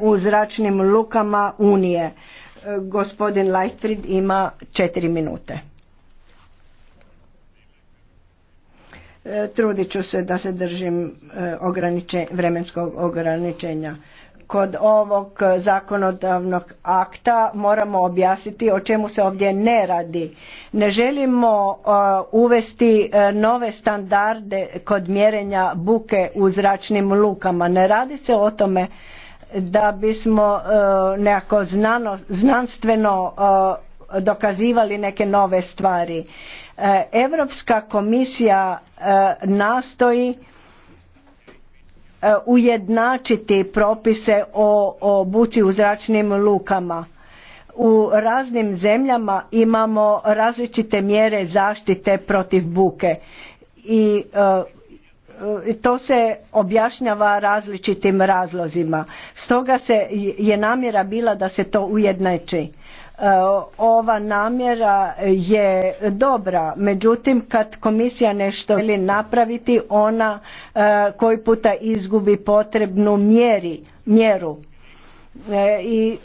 u zračnim lukama Unije. E, gospodin Lightfried ima četiri minute. E, trudit ću se da se držim e, vremenskog ograničenja. Kod ovog zakonodavnog akta moramo objasniti o čemu se ovdje ne radi. Ne želimo uvesti nove standarde kod mjerenja buke u zračnim lukama. Ne radi se o tome da bismo e, nekako znanstveno e, dokazivali neke nove stvari. Europska komisija e, nastoji ujednačiti propise o, buci u zračnim lukama. U raznim zemljama imamo različite mjere zaštite protiv buke i to se objašnjava različitim razlozima. Stoga se je namjera bila da se to ujednači. E, ova namjera je dobra, međutim kad komisija nešto želi napraviti ona e, koji puta izgubi potrebnu mjeri, mjeru e, i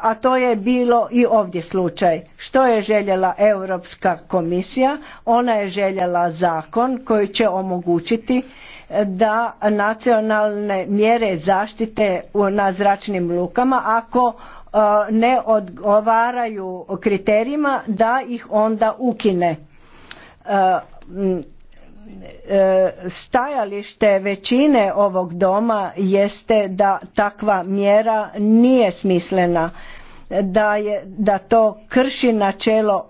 a to je bilo i ovdje slučaj. Što je željela Europska komisija? Ona je željela zakon koji će omogućiti e, da nacionalne mjere zaštite na zračnim lukama ako e, ne odgovaraju kriterijima da ih onda ukine e, E, stajalište većine ovog doma jeste da takva mjera nije smislena da je da to krši načelo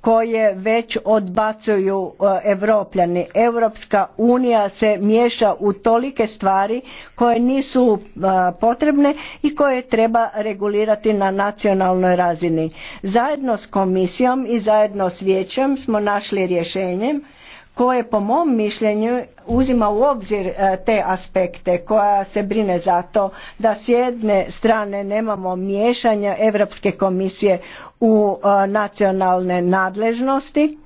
koje već odbacuju evropljani. europska unija se miješa u tolike stvari koje nisu potrebne i koje treba regulirati na nacionalnoj razini zajedno s komisijom i zajedno s vijećem smo našli rješenje koje po mom mišljenju uzima u obzir e, te aspekte koja se brine za to da s jedne strane nemamo miješanja Europske komisije u e, nacionalne nadležnosti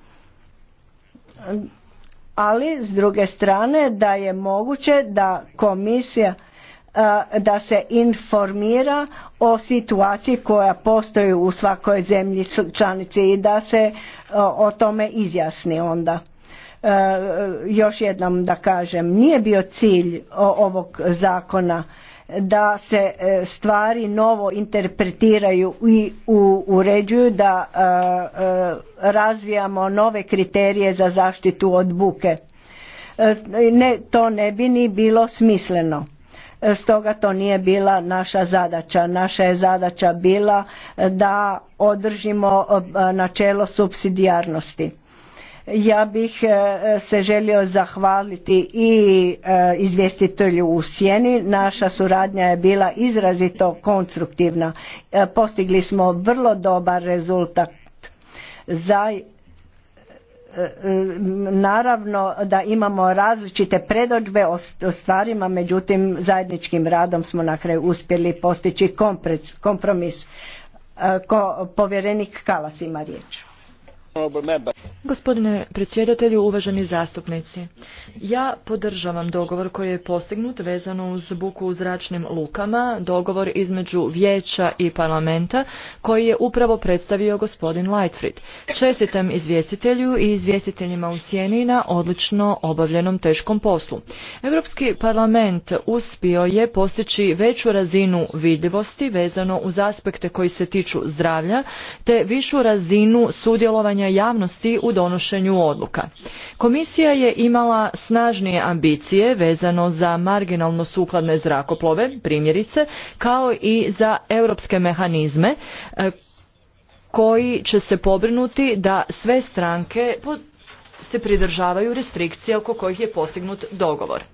ali s druge strane da je moguće da komisija e, da se informira o situaciji koja postoji u svakoj zemlji članici i da se o tome izjasni onda. Eh, još jednom da kažem, nije bio cilj ovog zakona da se eh, stvari novo interpretiraju i uređuju, da eh, razvijamo nove kriterije za zaštitu od buke. Ne, to ne bi ni bilo smisleno. Stoga to nije bila naša zadaća. Naša je zadaća bila da održimo načelo subsidijarnosti ja bih e, se želio zahvaliti i e, izvjestitelju u Sjeni. Naša suradnja je bila izrazito konstruktivna. E, postigli smo vrlo dobar rezultat. Za, naravno da imamo različite predođbe o stvarima, međutim zajedničkim radom smo na kraju uspjeli postići kompromis. povjerenik Kalas ima riječ. Gospodine predsjedatelju, uvaženi zastupnici, ja podržavam dogovor koji je postignut vezano uz buku u zračnim lukama, dogovor između vijeća i parlamenta koji je upravo predstavio gospodin Lightfried. Čestitam izvjestitelju i izvjestiteljima u Sjeni na odlično obavljenom teškom poslu. Europski parlament uspio je postići veću razinu vidljivosti vezano uz aspekte koji se tiču zdravlja te višu razinu sudjelovanja javnosti u donošenju odluka. Komisija je imala snažnije ambicije vezano za marginalno sukladne zrakoplove, primjerice, kao i za europske mehanizme e, koji će se pobrinuti da sve stranke se pridržavaju restrikcije oko kojih je postignut dogovor.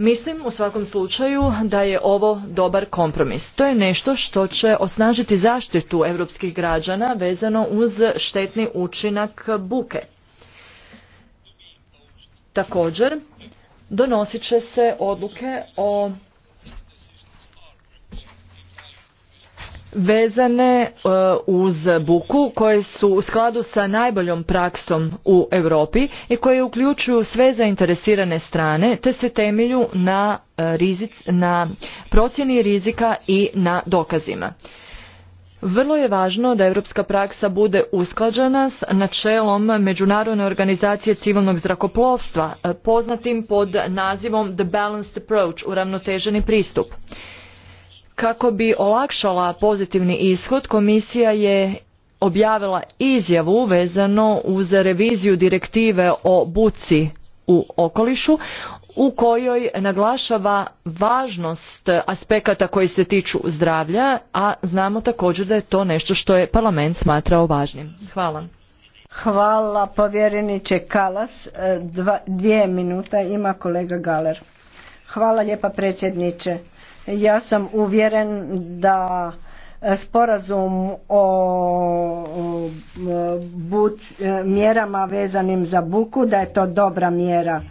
Mislim u svakom slučaju da je ovo dobar kompromis. To je nešto što će osnažiti zaštitu europskih građana vezano uz štetni učinak buke. Također, donosit će se odluke o vezane e, uz buku koje su u skladu sa najboljom praksom u Europi i koje uključuju sve zainteresirane strane te se temelju na, e, na procjeni rizika i na dokazima. Vrlo je važno da europska praksa bude usklađena s načelom Međunarodne organizacije civilnog zrakoplovstva, e, poznatim pod nazivom The Balanced Approach, uravnoteženi pristup. Kako bi olakšala pozitivni ishod, komisija je objavila izjavu vezano uz reviziju direktive o buci u okolišu u kojoj naglašava važnost aspekata koji se tiču zdravlja, a znamo također da je to nešto što je parlament smatrao važnim. Hvala. Hvala povjereniče Kalas. E, dva, dvije minuta ima kolega Galer. Hvala lijepa predsjedniče. Ja sam uvjeren da sporazum o mjerama vezanim za buku, da je to dobra mjera,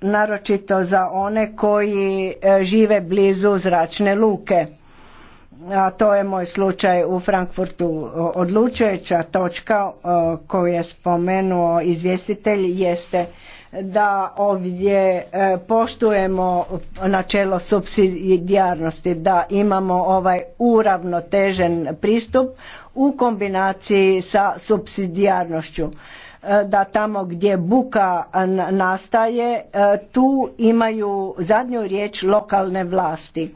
naročito za one koji e, žive blizu zračne luke. A to je moj slučaj u Frankfurtu. Odlučujuća točka e, koju je spomenuo izvjestitelj jeste da ovdje e, poštujemo načelo subsidijarnosti, da imamo ovaj uravnotežen pristup u kombinaciji sa subsidijarnošću e, da tamo gdje buka nastaje e, tu imaju zadnju riječ lokalne vlasti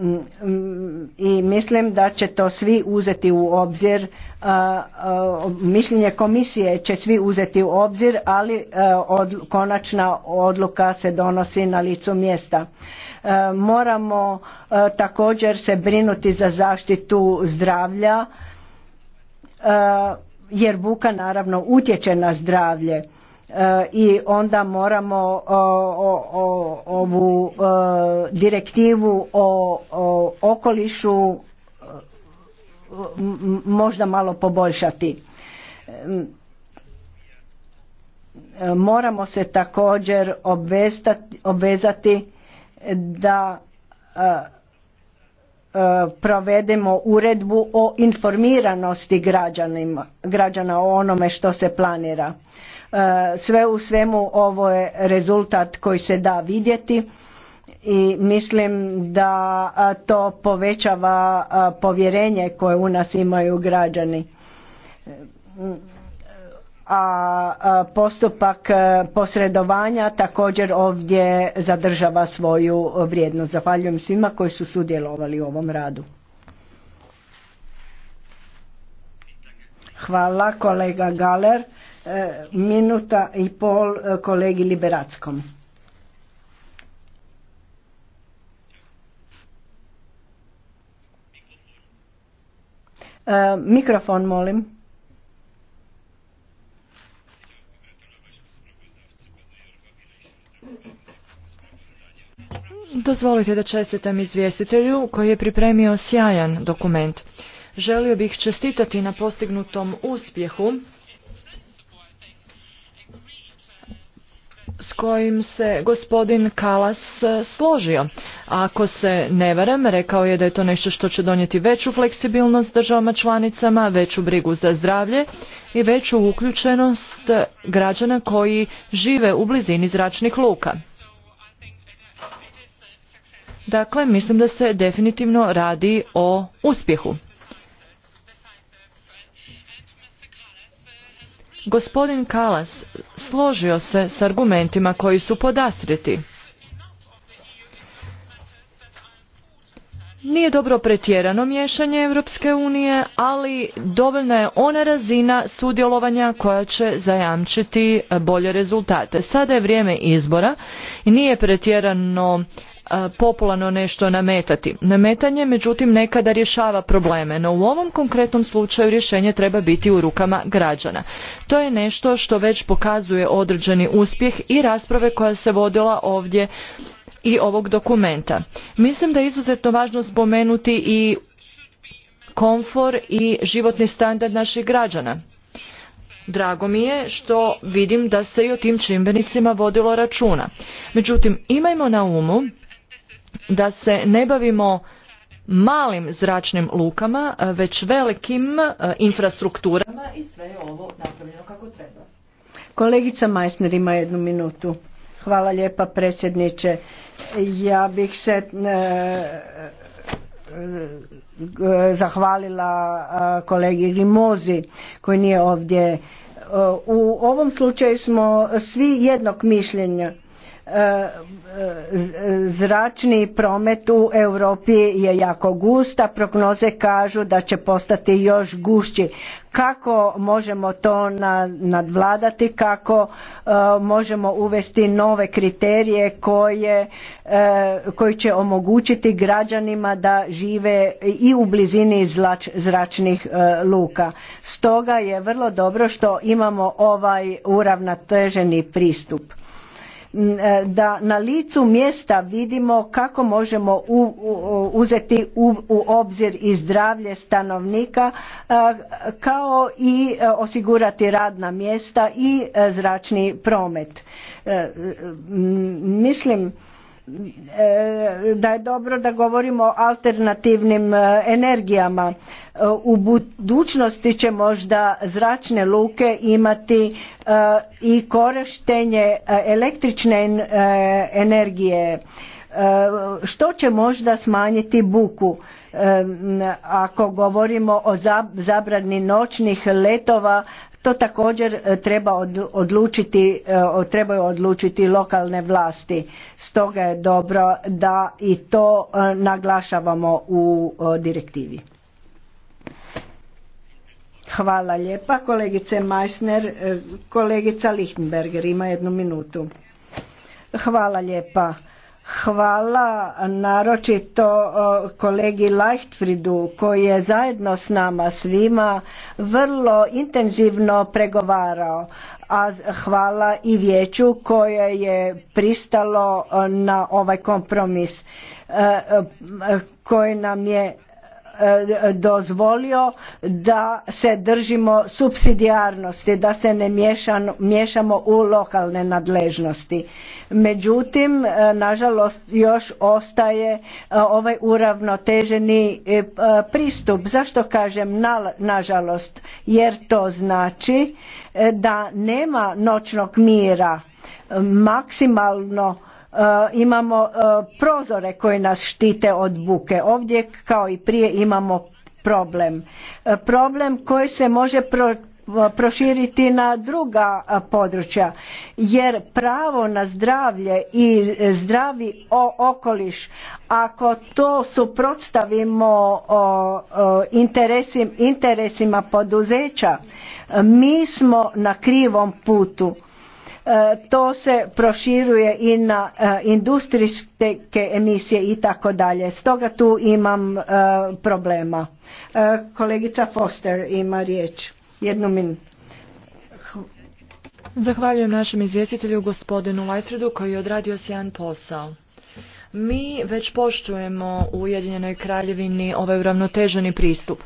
Mm, mm, i mislim da će to svi uzeti u obzir mišljenje komisije će svi uzeti u obzir ali e, konačna odluka se donosi na licu mjesta e, moramo e, također se brinuti za zaštitu zdravlja jer buka naravno utječe na zdravlje E, i onda moramo ovu e, direktivu o okolišu e, možda malo poboljšati moramo se također obvezati, da provedemo uredbu o informiranosti građana o onome što se planira E, sve u svemu ovo je rezultat koji se da vidjeti i mislim da to povećava povjerenje koje u nas imaju građani. A postupak e, posredovanja također ovdje zadržava svoju vrijednost. Zahvaljujem svima koji su sudjelovali u ovom radu. Hvala kolega Galer minuta i pol e, kolegi Liberackom. E, mikrofon molim. Dozvolite da čestitam izvjestitelju koji je pripremio sjajan dokument. Želio bih čestitati na postignutom uspjehu s kojim se gospodin Kalas e, složio. Ako se ne varam, rekao je da je to nešto što će donijeti veću fleksibilnost državama članicama, veću brigu za zdravlje i veću uključenost građana koji žive u blizini zračnih luka. Dakle, mislim da se definitivno radi o uspjehu. Gospodin Kalas složio se s argumentima koji su podastriti. Nije dobro pretjerano miješanje Europske unije, ali dovoljna je ona razina sudjelovanja koja će zajamčiti bolje rezultate. Sada je vrijeme izbora i nije pretjerano popularno nešto nametati. Nametanje međutim nekada rješava probleme, no u ovom konkretnom slučaju rješenje treba biti u rukama građana. To je nešto što već pokazuje određeni uspjeh i rasprave koja se vodila ovdje i ovog dokumenta. Mislim da je izuzetno važno spomenuti i komfor i životni standard naših građana. Drago mi je što vidim da se i o tim čimbenicima vodilo računa. Međutim, imajmo na umu da se ne bavimo malim zračnim lukama, već velikim infrastrukturama i sve je ovo napravljeno kako treba. Kolegica Majsner ima jednu minutu. Hvala lijepa predsjedniče. Ja bih se e, e, zahvalila kolegi Rimozi koji nije ovdje. E, u ovom slučaju smo svi jednog mišljenja Zračni promet u Europi je jako gusta, prognoze kažu da će postati još gušći. Kako možemo to nadvladati, kako e, možemo uvesti nove kriterije koje, e, koji će omogućiti građanima da žive i u blizini zračnih e, luka. Stoga je vrlo dobro što imamo ovaj uravnoteženi pristup E, da na licu mjesta vidimo kako možemo uzeti u, u obzir i zdravlje stanovnika e, kao i e, osigurati radna mjesta i zračni promet. Mislim E, da je dobro da govorimo o alternativnim e, energijama. E, u budućnosti će možda zračne luke imati i korištenje električne energije što će možda smanjiti buku ako govorimo o zabrani noćnih letova to također e, treba odlučiti, e, trebaju odlučiti lokalne vlasti. Stoga je dobro da i to e, naglašavamo u direktivi. Hvala lijepa kolegice Meissner. Kolegica Lichtenberger ima jednu minutu. Hvala lijepa. Hvala naročito kolegi Leichtfriedu koji je zajedno s nama svima vrlo intenzivno pregovarao, a hvala i vijeću koje je pristalo na ovaj kompromis e, e, e, koji nam je E, dozvolio da se držimo subsidijarnosti, da se ne miješamo u lokalne nadležnosti. Međutim, e, nažalost, još ostaje e, ovaj uravnoteženi pristup. Zašto kažem nažalost? Jer to znači da nema noćnog mira. Maksimalno Eh, imamo eh, prozore koji nas štite od buke. Ovdje kao i prije imamo problem. Eh, problem koji se može proširiti na druga područja jer pravo na zdravlje i zdravi okoliš ako to suprotstavimo interesima poduzeća mi smo na krivom putu E, to se proširuje i na e, industrijske emisije i tako dalje. Stoga tu imam e, problema. Kolegica Foster ima riječ. Jednu minutu. Zahvaljujem našem izvjestitelju gospodinu Lajtredu koji je odradio sjajan posao. Mi već poštujemo u Ujedinjenoj kraljevini ovaj uravnoteženi pristup.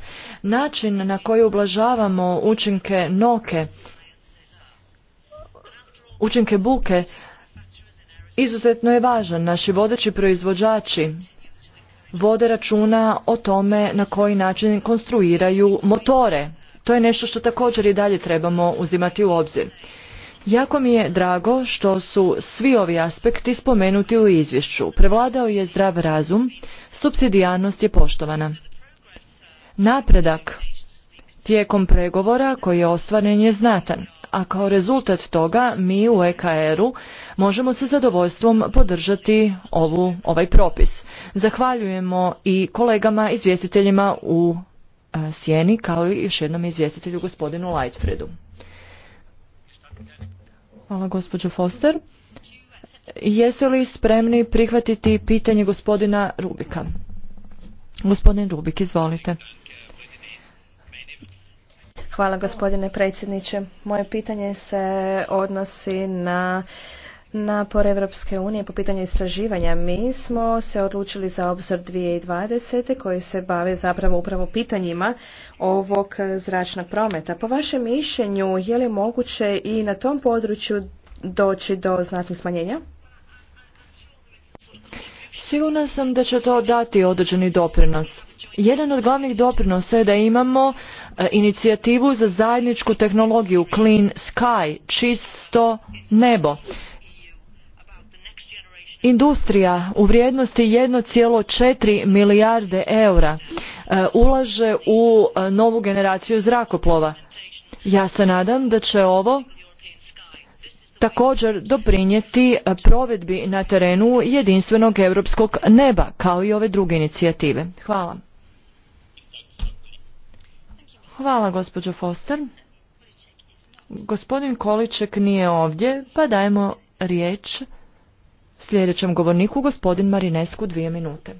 Način na koji ublažavamo učinke noke učinke buke izuzetno je važan. Naši vodeći proizvođači vode računa o tome na koji način konstruiraju motore. To je nešto što također i dalje trebamo uzimati u obzir. Jako mi je drago što su svi ovi aspekti spomenuti u izvješću. Prevladao je zdrav razum, subsidijarnost je poštovana. Napredak tijekom pregovora koji je ostvaren je znatan a kao rezultat toga mi u EKR-u možemo sa zadovoljstvom podržati ovu, ovaj propis. Zahvaljujemo i kolegama izvjestiteljima u e, Sjeni kao i još jednom izvjestitelju gospodinu Lightfredu. Hvala gospođo Foster. Jesu li spremni prihvatiti pitanje gospodina Rubika? Gospodin Rubik, izvolite. Hvala gospodine predsjedniče. Moje pitanje se odnosi na napor Evropske unije po pitanju istraživanja. Mi smo se odlučili za obzor 2020. koji se bave zapravo upravo pitanjima ovog zračnog prometa. Po vašem mišljenju je li moguće i na tom području doći do znatnih smanjenja? Sigurna sam da će to dati određeni doprinos. Jedan od glavnih doprinosa je da imamo e, inicijativu za zajedničku tehnologiju Clean Sky, čisto nebo. Industrija u vrijednosti 1,4 milijarde eura e, ulaže u e, novu generaciju zrakoplova. Ja se nadam da će ovo također doprinijeti e, provedbi na terenu jedinstvenog europskog neba kao i ove druge inicijative. Hvala. Hvala gospođo Foster. Gospodin Količek nije ovdje, pa dajemo riječ sljedećem govorniku, gospodin Marinesku, dvije minute.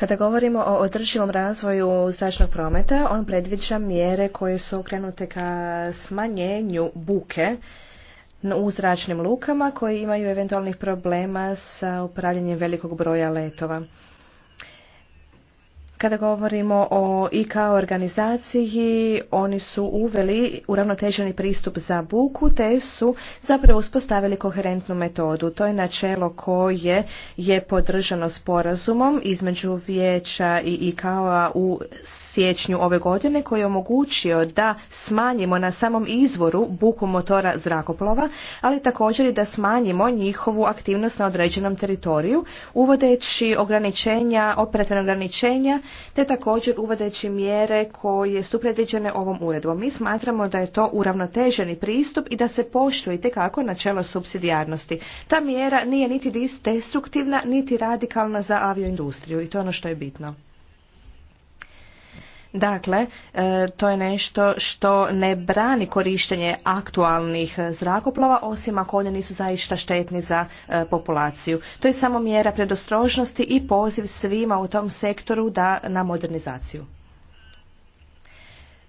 Kada govorimo o održivom razvoju zračnog prometa, on predviđa mjere koje su okrenute ka smanjenju buke u zračnim lukama koji imaju eventualnih problema sa upravljanjem velikog broja letova. Kada govorimo o IK organizaciji, oni su uveli uravnoteženi pristup za buku, te su zapravo uspostavili koherentnu metodu. To je načelo koje je podržano sporazumom između vijeća i ik u siječnju ove godine, koji je omogućio da smanjimo na samom izvoru buku motora zrakoplova, ali također i da smanjimo njihovu aktivnost na određenom teritoriju, uvodeći ograničenja, operativne ograničenja te također uvodeći mjere koje su predviđene ovom uredbom. Mi smatramo da je to uravnoteženi pristup i da se poštuje itekako načelo subsidijarnosti. Ta mjera nije niti destruktivna, niti radikalna za avioindustriju i to je ono što je bitno. Dakle, e, to je nešto što ne brani korištenje aktualnih zrakoplova, osim ako oni nisu zaista štetni za e, populaciju. To je samo mjera predostrožnosti i poziv svima u tom sektoru da na modernizaciju.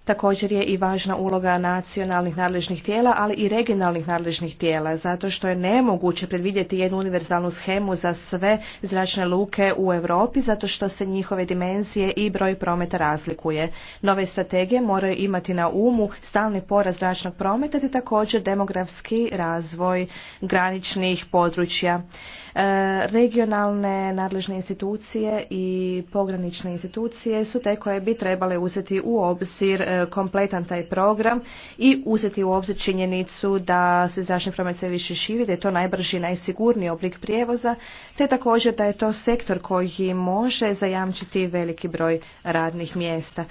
Također je i važna uloga nacionalnih nadležnih tijela, ali i regionalnih nadležnih tijela, zato što je nemoguće predvidjeti jednu univerzalnu schemu za sve zračne luke u Europi, zato što se njihove dimenzije i broj prometa razlikuje. Nove strategije moraju imati na umu stalni poraz zračnog prometa te također demografski razvoj graničnih područja. E, regionalne nadležne institucije i pogranične institucije su te koje bi trebale uzeti u obzir E, kompletan taj program i uzeti u obzir činjenicu da se zračni promet sve više širi, da je to najbrži i najsigurniji oblik prijevoza, te također da je to sektor koji može zajamčiti veliki broj radnih mjesta.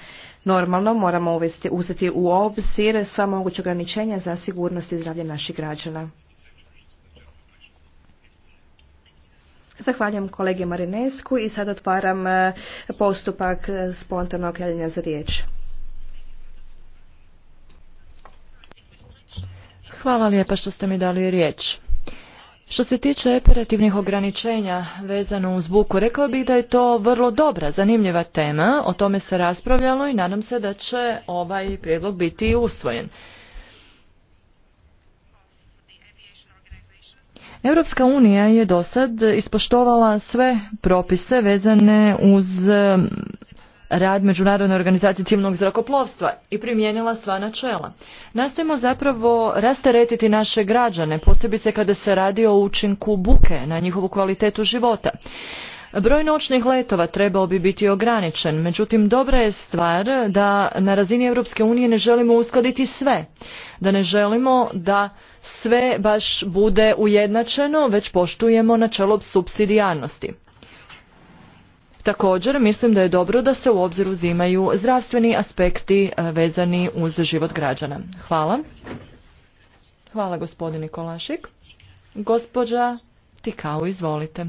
Normalno moramo uvesti, uzeti u obzir sva moguća ograničenja za sigurnost i zdravlje naših građana. Zahvaljujem kolegi Marinesku i sad otvaram e, postupak e, spontanog javljanja za riječ. Hvala lijepa što ste mi dali riječ. Što se tiče operativnih ograničenja vezano uz buku, rekao bih da je to vrlo dobra, zanimljiva tema, o tome se raspravljalo i nadam se da će ovaj prijedlog biti usvojen. Europska unija je do sad ispoštovala sve propise vezane uz rad Međunarodne organizacije civilnog zrakoplovstva i primijenila sva načela. Nastojimo zapravo rasteretiti naše građane, posebice kada se radi o učinku buke na njihovu kvalitetu života. Broj noćnih letova trebao bi biti ograničen, međutim dobra je stvar da na razini Europske unije ne želimo uskladiti sve, da ne želimo da sve baš bude ujednačeno, već poštujemo načelo subsidijarnosti. Također mislim da je dobro da se u obzir uzimaju zdravstveni aspekti e, vezani uz život građana. Hvala. Hvala gospodine Nikolašik. Gospođa Tikao, izvolite.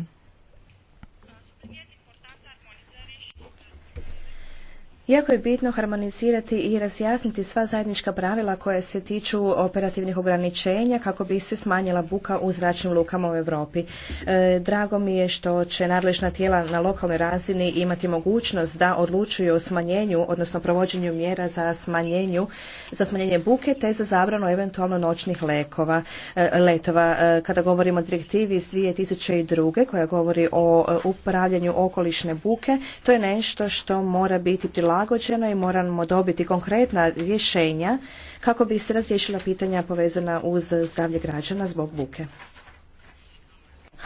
Jako je bitno harmonizirati i razjasniti sva zajednička pravila koja se tiču operativnih ograničenja kako bi se smanjila buka u zračnim lukama u Europi. E, drago mi je što će nadležna tijela na lokalnoj razini imati mogućnost da odlučuju o smanjenju, odnosno provođenju mjera za smanjenju, za smanjenje buke te za zabranu eventualno noćnih lekova, e, letova. E, kada govorimo o direktivi iz 2002. koja govori o upravljanju okolišne buke, to je nešto što mora biti prilagodno prilagođeno i moramo dobiti konkretna rješenja kako bi se razriješila pitanja povezana uz zdravlje građana zbog buke.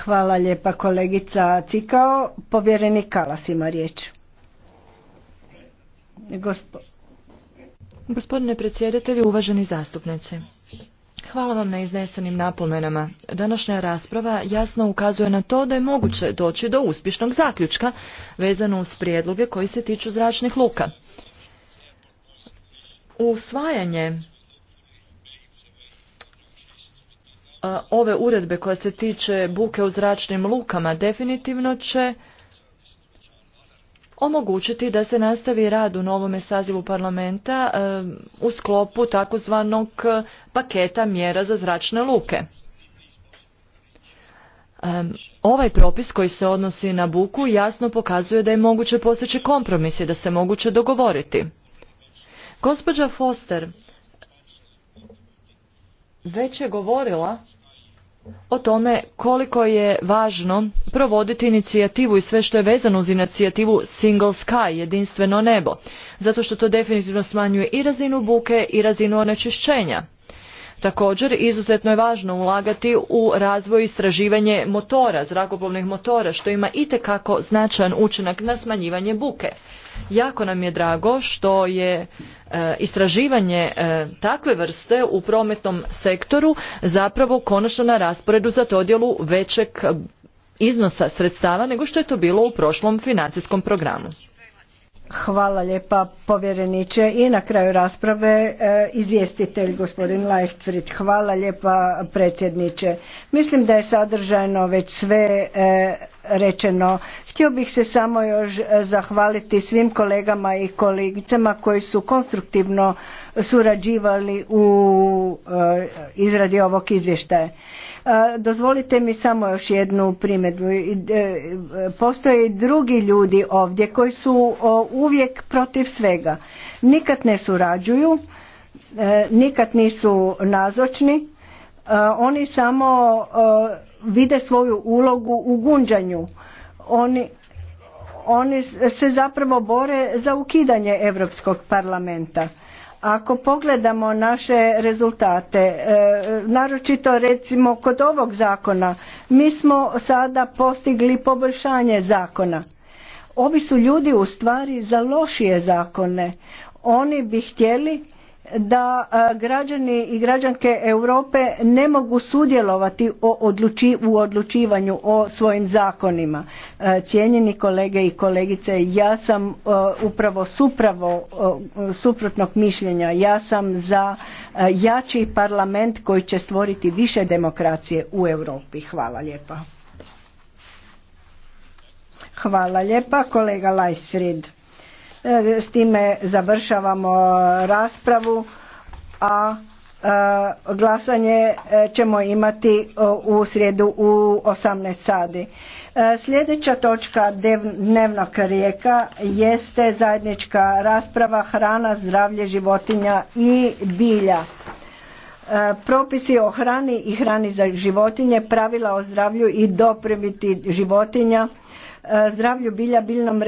Hvala lijepa kolegica Cikao. Povjerenik Kalas ima riječ. Gospodine predsjedatelju, uvaženi zastupnici. Hvala vam na iznesenim napomenama. Današnja rasprava jasno ukazuje na to da je moguće doći do uspješnog zaključka vezano uz prijedloge koji se tiču zračnih luka. Usvajanje e, ove uredbe koja se tiče buke u zračnim lukama definitivno će omogućiti da se nastavi rad u novome sazivu parlamenta e, u sklopu takozvanog paketa mjera za zračne luke. E, ovaj propis koji se odnosi na buku jasno pokazuje da je moguće postići kompromis i da se moguće dogovoriti. Gospođa Foster već je govorila o tome koliko je važno provoditi inicijativu i sve što je vezano uz inicijativu Single Sky, jedinstveno nebo, zato što to definitivno smanjuje i razinu buke i razinu onečišćenja. Također, izuzetno je važno ulagati u razvoj i istraživanje motora, zrakoplovnih motora, što ima itekako značajan učinak na smanjivanje buke. Jako nam je drago što je e, istraživanje e, takve vrste u prometnom sektoru zapravo konačno na rasporedu za dodjelu većeg iznosa sredstava nego što je to bilo u prošlom financijskom programu. Hvala lijepa povjereniče i na kraju rasprave e, izvjestitelj gospodin Leichtfried. Hvala lijepa predsjedniče. Mislim da je sadržajno već sve e, rečeno. Htio bih se samo još e, zahvaliti svim kolegama i kolegicama koji su konstruktivno surađivali u izradi ovog izvještaja. Dozvolite mi samo još jednu primjedbu. E, e, postoje i drugi ljudi ovdje koji su uvijek protiv svega. Nikad ne surađuju, e, nikad nisu nazočni, oni samo vide svoju ulogu u gunđanju. Oni, oni se zapravo bore za ukidanje Europskog parlamenta ako pogledamo naše rezultate, e, naročito recimo kod ovog zakona, mi smo sada postigli poboljšanje zakona. Ovi su ljudi u stvari za lošije zakone. Oni bi htjeli da e, građani i građanke Europe ne mogu sudjelovati u odlučivanju o svojim zakonima. E, cijenjeni kolege i kolegice, ja sam e, upravo supravo suprotnog mišljenja. Ja sam za jači parlament koji će stvoriti više demokracije u Europi. Hvala lijepa. Hvala lijepa kolega Lajsfrid. E, s time završavamo raspravu, a e, glasanje e, ćemo imati u srijedu u 18 sati. Sljedeća točka dnevnog rijeka jeste zajednička rasprava hrana, zdravlje životinja i bilja. Propisi o hrani i hrani za životinje, pravila o zdravlju i dopremiti životinja, zdravlju bilja, biljnom